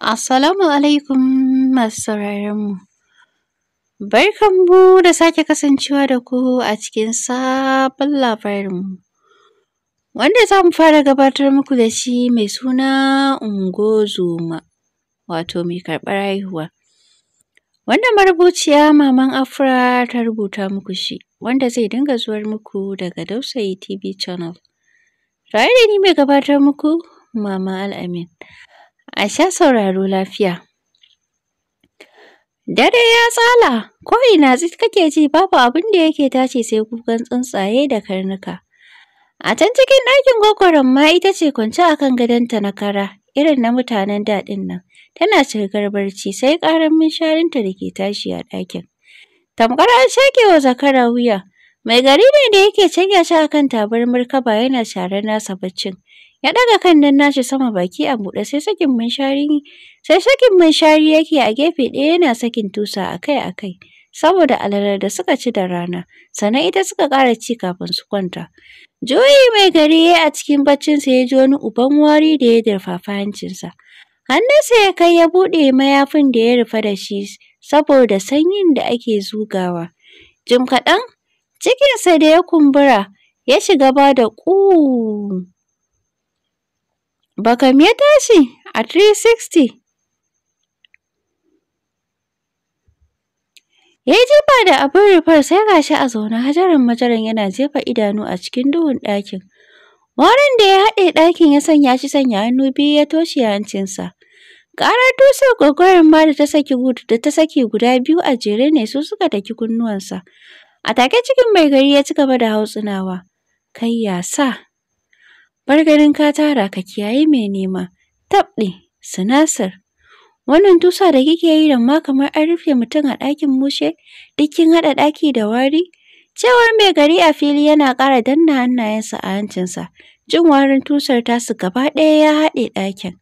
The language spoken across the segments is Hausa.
Assalamu alaikum masu sauraronmu. Barkanmu da sake kasancewa da ku a cikin sabon labarinmu. Wanda za mu fara gabatar muku da shi mai suna ungozuma wato mai karɓar haihuwa. Wanda marubuciya Maman Afra ta rubuta muku shi, wanda zai dinga zuwar muku daga Dausayi TV Channel. Tare da ni mai gabatar muku Mama Al-Amin? a sha sauraro lafiya. Dare ya tsala, ko ina kake ji babu abin da yake tashi sai kukan tsuntsaye da karnuka. A can cikin ɗakin gwagwaron ma ita ce kwance a kan gadonta na kara, irin na mutanen daɗin nan. Tana shirgar barci sai ƙarar minsharinta da ke tashi a ɗakin. Tamkar an shaƙe wa zakara wuya. Mai gari ne da yake canja shi akan tabarmar kaba yana sharar nasa baccin. ya ɗaga kan nan nashi sama baki a buɗe sai sakin munshari sai sakin munshari yake a gefe ɗaya yana sakin tusa akai akai saboda alalar da suka ci da rana sannan ita suka ƙara ci kafin su kwanta juyi mai gari ya a cikin baccin sa ya ji wani uban wari da ya dirfafa hancinsa hannunsa ya kai ya buɗe mayafin da ya rufa da shi saboda sanyin da ake zugawa jim kaɗan cikinsa da ya kumbura ya shiga ba da ƙu Bakam ya tashi a 360. Ya yi jefa da abin rufar sai shi a zaune hajarin majaran yana jefa idanu a cikin duhun ɗakin. Warin da ya haɗe ɗakin ya sanya shi sanya hannu biyu ya toshe hancinsa. Ƙarar dusar gwagwarin ma da ta saki da ta saki guda biyu a jere ne su suka daki kunnuwansa. A take cikin mai gari ya ci gaba da hautsinawa. Kai ya sa. Bar ka tara ka kiyayi mai nema, tabɗi, Sinasar. Wannan tusa da kike yi da ma kamar an rufe mutum a ɗakin mushe, duk haɗa ɗaki da wari. Cewar mai gari a fili yana ƙara danna hannayensa a hancinsa, jin warin tusar tasu gaba ɗaya ya haɗe ɗakin.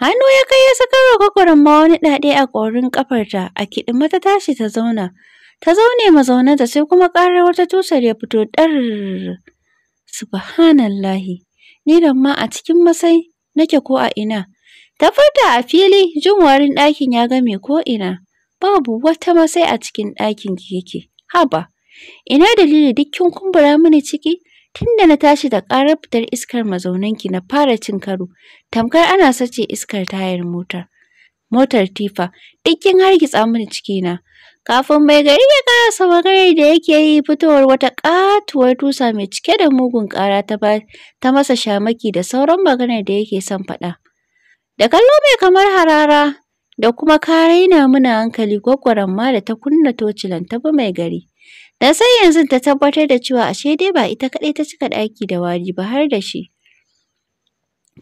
Hannu ya kai ya sakar wa kwakwaran ma wani ɗaɗe a ƙorin ƙafarta, a kiɗin mata tashi ta zauna. Ta zaune mazaunanta sai kuma ƙarar wata tusar ya fito ɗar Subhanallahi, ni da ma a cikin masai nake ko a ina. Ta furta a fili jin warin ɗakin ya game ko ina. babu wata masai a cikin ɗakin ki yake, haba, ina dalili dukkin kumbura mini ciki? Tun da na tashi da ƙarar fitar iskar mazauninki na fara cin karo, tamkar ana sace iskar tayar motar. Motar tifa, Dukkin har hargitsa mini cikina, Kafin mai gari ya karasa maganar da yake yi fitowar wata katuwar tusa mai cike da mugun kara ta masa shamaki da sauran maganar da yake son faɗa. Da kallo mai kamar harara da kuma kare yana muna hankali gwaggwaron ma da ta kunna tocilan ta bi mai gari. da sai yanzu ta tabbatar da cewa ashe dai ba ita kaɗai ta cika ɗaki da wari ba har da shi.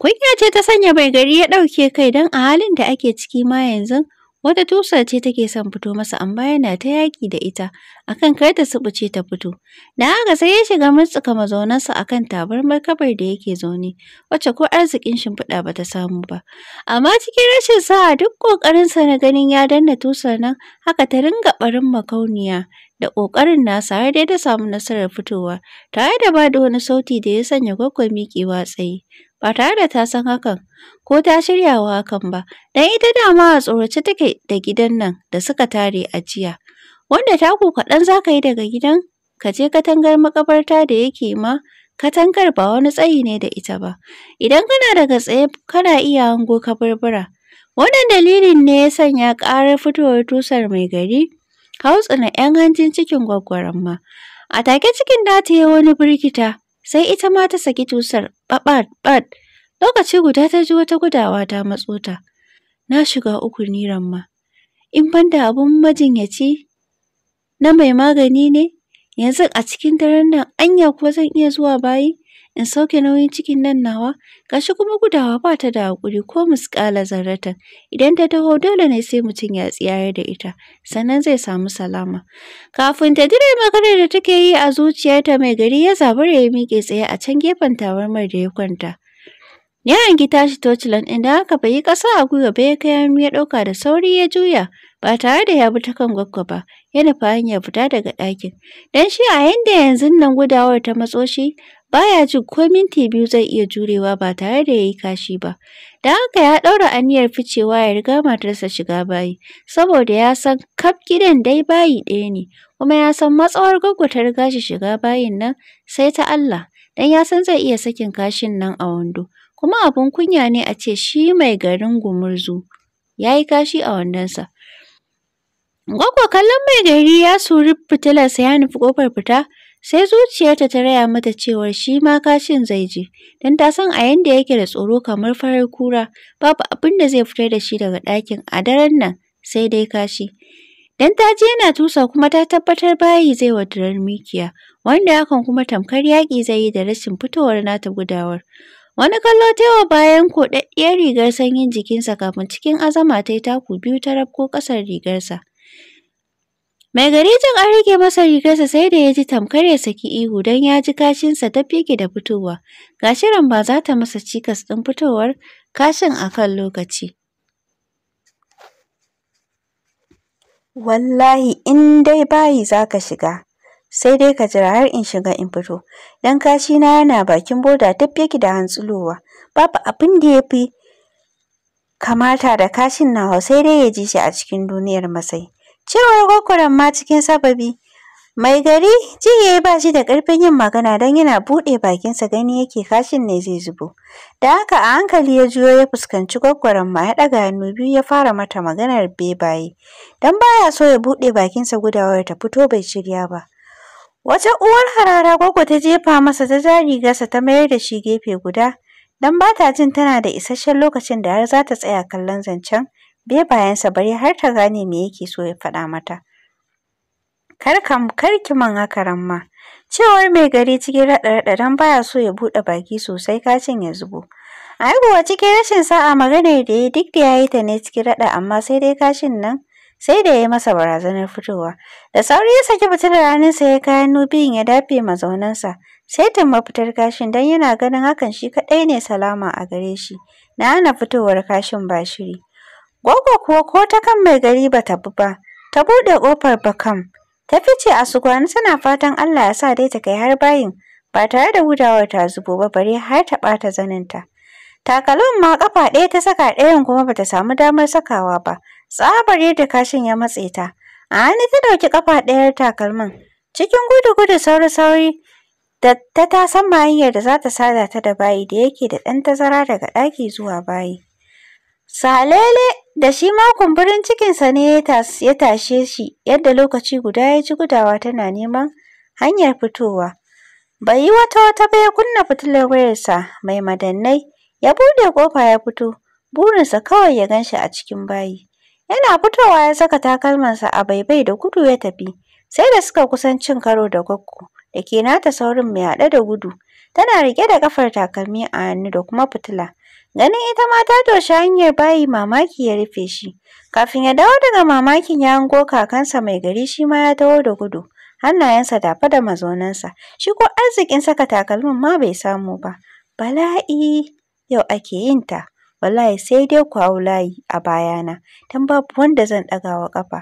Kunya ce ta sanya mai gari ya ɗauke kai don a halin da ake ciki ma yanzu Wata tusa ce take son fito masa amma yana ta yaƙi da ita akan kar ta subuce ta fito. Da haka sai ya shiga murtsuka mazaunansa akan tabarmar kabar da yake zaune wacce ko arzikin shimfiɗa ba ta samu ba. Amma cikin rashin sa'a duk ƙoƙarinsa na ganin ya danna tusar nan haka ta ringa ɓarin makauniya da ƙoƙarin nasa har dai ta samu nasarar fitowa tare da bada wani sauti da ya sanya gwaggwa miƙewa tsaye ba tare da ta san hakan ko ta shiryawa hakan ba dan ita dama a tsorace take da gidan nan da suka tare a jiya wanda taku kaɗan za ka yi daga gidan ka je katangar makabarta da yake ma katangar ba wani tsayi ne da ita ba idan kana daga tsaye kana iya hango kaburbura wannan dalilin ne ya sanya ƙarar fitowar tusar mai gari na 'yan hancin cikin gwaggwaron ma. A take cikin ta ya wani birkita, sai ita ma ta saki tusar ɓaɓaɓaɓ. Lokaci guda ta ji wata gudawa ta matsota. Na shiga uku ni In ban da abun majinyaci na mai magani ne, yanzu a cikin daren nan anya kuwa zan iya zuwa bayi? in sauke nauyin cikin nan nawa gashi kuma gudawa ba ta da hakuri ko muskala zarrata idan ta taho dole ne sai mutum ya tsiyayar da ita sannan zai samu salama kafin ta dire magana da take yi a zuciyarta mai gari ya zabura ya miƙe tsaye a can gefen tabarmar da ya kwanta ya hangi tashi Tocilan inda haka bai yi ƙasa a gwiwa ba ya kai ya ɗauka da sauri ya juya ba tare da ya bi ta kan gwaggwa ba ya nufa hanyar fita daga ɗakin. don shi a yanda yanzun nan gudawar ta matso shi baya jin ko minti biyu zai iya jurewa ba tare da yayi kashi ba. Da haka ya ɗaura aniyar ficewa ya riga matarsa shiga bayi, saboda ya san kaf gidan dai bayi ɗaya ne, kuma ya san matsawar gwaggo ta riga shi shiga bayin nan sai ta Allah, dan ya san zai iya sakin kashin nan a wando. Kuma abun kunya ne a ce shi mai garin gumurzu yayi kashi a wandonsa. Gwaggo kallon mai gari ya suri fitilarsa ya nufi kofar fita, sai zuciyarta ta raya mata cewar shi ma kashin zai je don ta san a yanda yake da tsoro kamar farar kura babu abin da zai fitar da shi daga ɗakin a daren nan sai dai kashi don ta ji yana tusa kuma ta tabbatar bayi zai wa durar mikiya wanda hakan kuma tamkar yaƙi zai yi da rashin fitowar nata gudawar wani kallo ta wa bayan koɗaɗɗiyar rigar sanyin jikinsa kafin cikin azama ta yi taku biyu ta rabko ƙasar rigarsa Mai gari jin an rike masa rigarsa sai da ya ji tamkar ya saki ihu don ya ji kashinsa ta fike da fitowa. Gashiran ba za ta masa cikas ɗin fitowar kashin a kan lokaci. Wallahi in dai bayi za ka shiga, sai dai ka jira har in shiga in fito, don kashina yana bakin boda ta yake da hantsulowa, babu abin da ya fi kamata da kashin nawa sai dai ya ji shi a cikin duniyar masai. Cewar gwagwaran ma cikin sababi. Mai gari jiya ya yi ba da ƙarfin yin magana don yana buɗe bakinsa gani yake kashin ne zai zubo. Da haka a hankali ya juyo ya fuskanci gwaggwaron ma ya ɗaga hannu biyu ya fara mata maganar bebaye. Don baya so ya buɗe bakinsa gudawar ta fito bai shirya ba. Wata uwar harara gwaggo ta jefa masa ta ja rigarsa ta mayar da shi gefe guda. Don ba ta jin tana da isasshen lokacin da har za ta tsaya kallon zancen be bayansa bari har ta gane me yake so ya faɗa mata kar ki man haka ramma cewar mai gari cikin raɗa-raɗa dan baya so ya buɗe baki sosai kacin ya zubo a kuwa cikin rashin sa'a magana da ya duk da ya yi ta ne cikin raɗa amma sai dai kashin nan sai da ya yi masa barazanar fitowa da sauri ya saki ranin sa ya kayan biyun ya dafe mazaunansa sai ta mafitar kashin dan yana ganin hakan shi kaɗai ne salama a gare shi na hana fitowar kashin ba shiri Gwaggo kuwa ko ta kan mai gari ba ta bi ba, ta buɗe ƙofar bakam. Ta fice a sugwani tana fatan Allah ya sa dai ta kai har bayin ba tare da gudawar ta zubo ba bare har ta ɓata zaninta. Takalmin ma ƙafa ɗaya ta saka ɗayan kuma ba ta samu damar sakawa ba, tsabar yadda kashin ya matse ta. A hannu ta ɗauki ƙafa ɗayar takalmin, cikin gudu-gudu sauri-sauri da ta san hanyar da za ta sada ta da bayi da yake da ɗan tazara daga ɗaki zuwa bayi. Salele da shi ma kumburin cikinsa ne ya tashe shi yadda lokaci guda ya ji gudawa tana neman hanyar fitowa. Bai yi wata wata ba ya kunna fitilar wayarsa mai madannai ya buɗe ƙofa ya fito burinsa kawai ya gan shi a cikin bayi. Yana fitowa ya saka takalmansa a baibai da gudu ya tafi sai da suka kusan cin karo da gwaggo da ke nata saurin mai haɗe da gudu tana riƙe da ƙafar takalmi a hannu da kuma fitila. Ganin ita ma ta doshi hanyar bayi mamaki ya rufe shi. Kafin ya dawo daga mamakin ya hango kakansa mai gari shi ma ya taho da gudu. Hannayensa tafe da mazaunansa, Shi ko arzikin saka takalmin ma bai samu ba. Bala'i yau ake yin ta. Wallahi sai dai ku hau layi a bayana. Don babu wanda zan ɗaga wa ƙafa.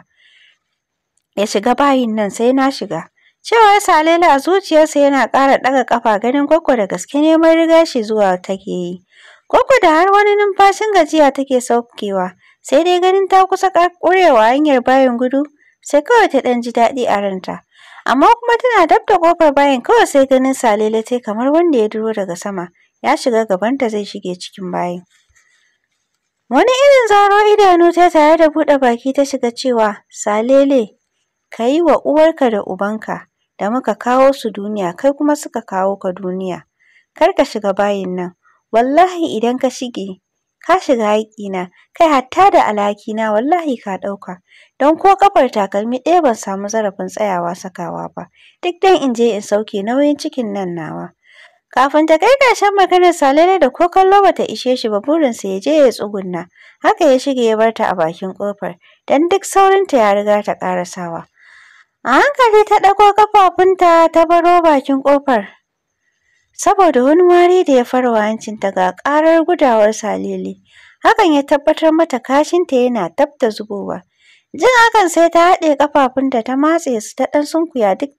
Ya shiga bayin nan sai na shiga. Cewar Salele a zuciyarsa yana ƙara ɗaga ƙafa ganin gwaggwa da gaske neman riga shi zuwa take yi. Koko da har wani numfashin gajiya take saukewa, sai dai ganin ta kusa ƙarƙurewa hanyar bayan gudu, sai kawai ta ɗan ji daɗi a ranta. Amma kuma tana dab da ƙofar bayan kawai sai ganin Salele tai kamar wanda ya duro daga sama, ya shiga gabanta zai shige cikin bayan Wani irin zaro idanu ta tare da buɗe baki ta shiga cewa, Salele, ka yi wa uwarka da ubanka da muka kawo su duniya kai kuma suka kawo ka duniya, kar ka shiga bayin nan. wallahi idan ka shige ka shiga na kai hatta da alhakina wallahi ka ɗauka don ko kafar takalmi ɗaya ban samu zarafin tsayawa sakawa ba duk dan in je in sauke nauyin cikin nan nawa kafin ta kai ƙarshen maganar salele da ko kallo bata ishe shi ba burinsa ya je ya tsugunna haka ya shige ya barta a bakin ƙofar don duk saurinta ya riga ta ƙarasawa a hankali ta ɗago kafafunta ta baro bakin ƙofar saboda wani wari da ya farwa hancinta ga ƙarar gudawar salili, Hakan ya tabbatar mata kashinta yana tab da zubowa. Jin hakan sai ta haɗe ƙafafunta da ta matse su ta ɗan sunkuya duk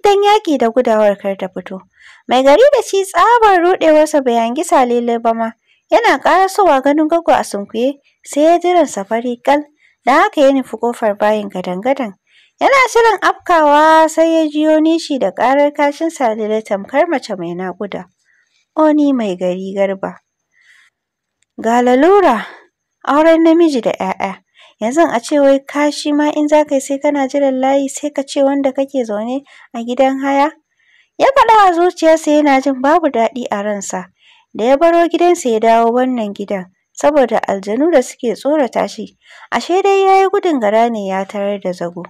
dan yaƙi da gudawar kar ta fito. Mai gari da shi tsabar ruɗewarsa bai hangi salili ba ma. Yana ƙarasowa ganin gago a sunkuye sai ya jiran safari fari ƙal. Da haka ya nufi ƙofar bayin gadan-gadan. Yana shirin afkawa sai ya jiyo nishi da ƙarar kashin Salele tamkar mace mai naƙuda. Oni mai gari garba. Ga lalura, auren namiji da ‘ya'ya. Yanzu a ce wai kashi ma in za ka yi sai kana jiran layi sai ka ce wanda kake zaune a gidan haya? Ya faɗa a zuciyarsa yana jin babu daɗi a ransa. Da ya baro gidansa ya dawo wannan gidan saboda aljanu da suke tsorata shi. Ashe dai ya yi gudun gara ne ya tarar da zago.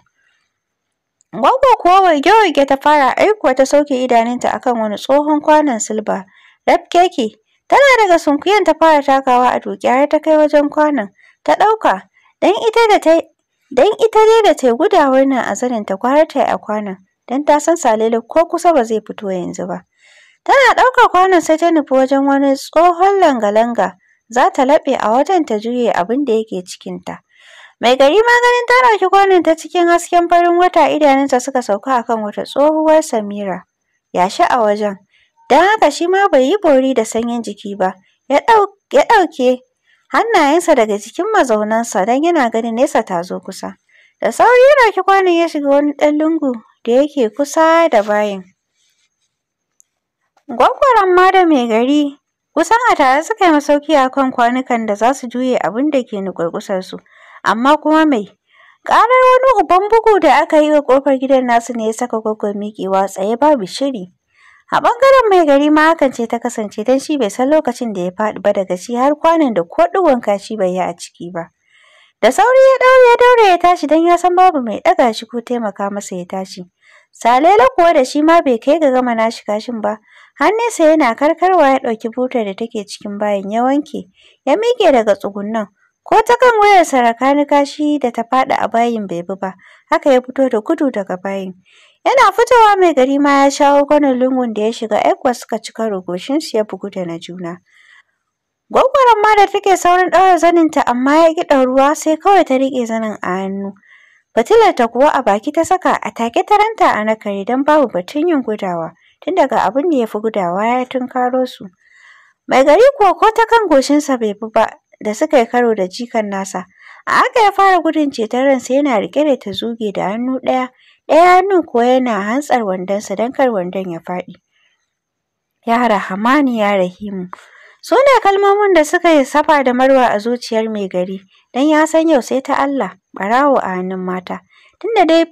Gwaggo kuwa warge-warge ta fara aikuwa ta sauke idanunta akan wani tsohon kwanon silba rafkeke. Tana daga sunkuyen ta fara takawa a doki har ta kai wajen kwanon ta ɗauka. don ita da dai da ta yi gudawar nan a zanin ta gwara ta yi a kwanon don ta san Salilu ko kusa ba zai fito yanzu ba. Tana ɗaukar kwanon sai ta nufi wajen wani tsohon langa-langa za ta laɓe a wajen ta juye abin da yake cikinta. Mai gari maganin ta ɗauki kwanon ta cikin hasken farin wata idanunsa suka sauka a kan wata tsohuwar Samira. Yashi a wajen. Don haka shi ma bai yi bori da sanyin jiki ba. Ya ɗauke hannayensa daga jikin mazaunansa don yana ganin nesa ta zo kusa. Da sauri ya ɗauki kwanon ya shiga wani ɗan lungu da yake kusa da bayin. Gwaggwaron ma da mai gari kusan a tare suka yi masauki a kan kwanukan da za su juye abin da ke su amma kuma mai karar wani uban bugu da aka yi wa ƙofar gidan nasu ne ya saka gwaggon miƙewa tsaye babu shiri a ɓangaren mai gari ma hakan ce ta kasance don shi bai san lokacin da ya faɗi ba daga shi har kwanon da ko ɗigon kashi bai yi a ciki ba da sauri ya ɗaure ya daure ya tashi don ya san babu mai ɗaga shi ko taimaka masa ya tashi salela kuwa da shi ma bai kai ga gama nashi kashin ba hannunsa yana karkarwa ya ɗauki butar da take cikin bayan ya wanke ya miƙe daga tsugunnan ko ta kan wayar sarakani kashi da ta faɗi a bayin bai bi ba haka ya fito da gudu daga bayin yana fitowa mai gari ma ya shawo gwanin lungun da ya shiga aikwa suka cika rogoshin su ya bugu da na juna gwaggwaron ma da take saurin ɗaura ta amma ya ƙi ruwa, sai kawai ta riƙe zanin a hannu ta kuwa a baki ta saka a take taranta ranta a nakare don babu batun yin gudawa tun daga abin da ya fi gudawa ya tunkaro su mai gari kuwa ko ta kan goshinsa bai bi ba da suka yi karo da jikan nasa. A haka ya fara gudun ceton ransa yana riƙe da ta zuge da hannu ɗaya, ɗaya hannun kuwa yana hantsar wandonsa don kar wandon ya faɗi. Ya Rahamani ya Rahimu. Su ne kalmomin da suka yi safa da marwa a zuciyar mai gari, don ya san yau sai ta Allah, ɓarawo a hannun mata. Tunda dai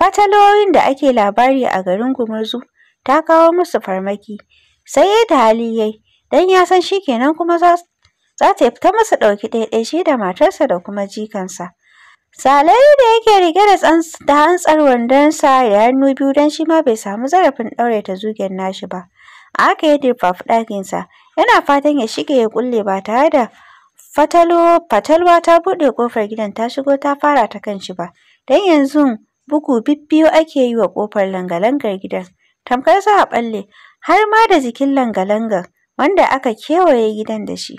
fataloyin da ake labari a garin Gumurzu ta kawo musu farmaki, sai ta hali yai. don ya san shi kenan kuma za su. za ta fita masa ɗauki ɗaiɗai shi da matarsa da kuma jikansa. salai da yake rike da da hantsar wandonsa da hannu biyu don shi ma bai samu zarafin ɗaure ta zugen nashi ba. aka yi ya dirfafi ɗakinsa, yana fatan ya shiga ya kulle ba tare da fatalo fatalwa ta buɗe ƙofar gidan ta shigo ta fara ta kan shi ba. Don yanzu bugu bibbiyu ake yi wa ƙofar langalangar gidan, tamkar za a ɓalle har ma da jikin langalangar wanda aka kewaye gidan da shi.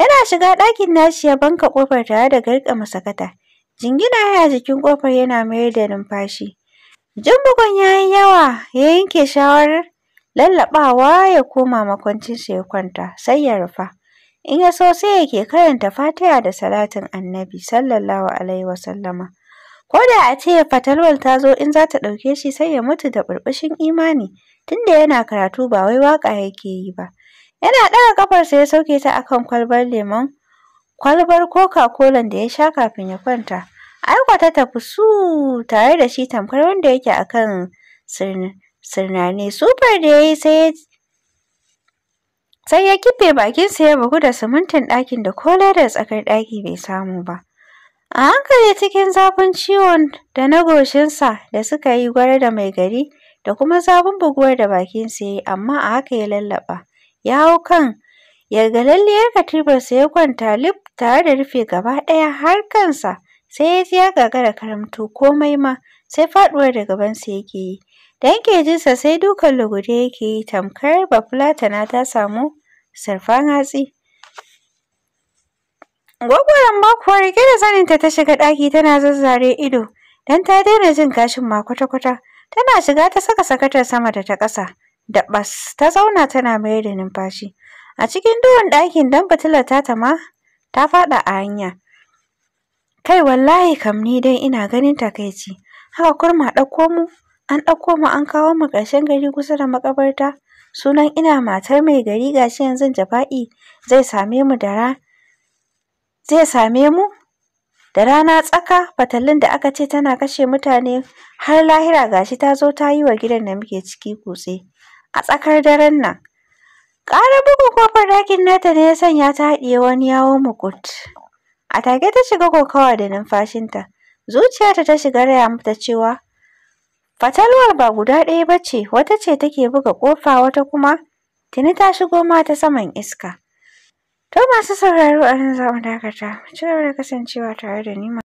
Yana shiga ɗakin nashi ya banka ƙofar tare da garƙa masakata. Jingina ya jikin ƙofar yana mayar da numfashi. Jin bugun ya yi yawa ya yanke shawarar lallaɓawa ya koma makwancinsa ya kwanta sai ya rufa. In ya so sai yake karanta Fatiha da salatin Annabi sallallahu alaihi wa sallama. Ko da a ce fatalwal ta zo in za ta ɗauke shi sai ya mutu da burbushin imani tunda yana karatu ba wai waƙa yake yi ba. Yana ɗaga ƙafarsa ya sauke ta akan kwalbar lemon kwalbar Coca-Cola da ya sha kafin ya kwanta. Aiko ta tafi su tare da shi tamkar wanda yake akan sirnane. Sufar da yayi yi sai ya sai ya kife bakinsa ya bugu da simintin ɗakin da ko da tsakar ɗaki bai samu ba. A hankali cikin zafin ciwon da na goshinsa da suka yi gwara da mai gari da kuma zafin buguwar da bakinsa ya yi amma a haka ya lallaɓa. ya hau kan yargalalliyar katifarsa ya kwanta lif tare da rufe gaba ɗaya har kansa sai ya ji ya gagara karamto komai ma sai faɗuwar da gabansa yake yi da yake jinsa sai dukan lugude yake yi tamkar bafulatana ta samu sarfan hatsi gwagwaran makuwa rike da zaninta ta shiga ɗaki tana zazzare ido don ta daina jin kashin ma kwata-kwata tana shiga ta saka sakatar sama da ta ƙasa da ɓas ta zauna tana mayar da numfashi a cikin duhun ɗakin don fitilar tata ma ta faɗa a hanya kai wallahi kam ni dai ina ganin takaici haka kurma ɗauko mu an ɗauko mu an kawo mu ƙarshen gari kusa da makabarta sunan ina matar mai gari gashi yanzu jafa'i zai same mu da ra zai same mu da rana tsaka fatallin da aka ce tana kashe mutane har lahira gashi ta zo ta yi wa gidan da muke ciki kutse a tsakar daren nan. Ƙara bugu kofar ɗakin nata ne ya sanya ta haɗiye wani yawon mukut. A take ta shiga kokawa da numfashinta. Zuciyarta ta shiga raya mata cewa fatalwar ba guda ɗaya ba ce, wata ce take buga ƙofa wata kuma tuni ta shigo ma ta saman iska. To masu sauraro a nan za mu dakata. Ku ci gaba da kasancewa tare da ni.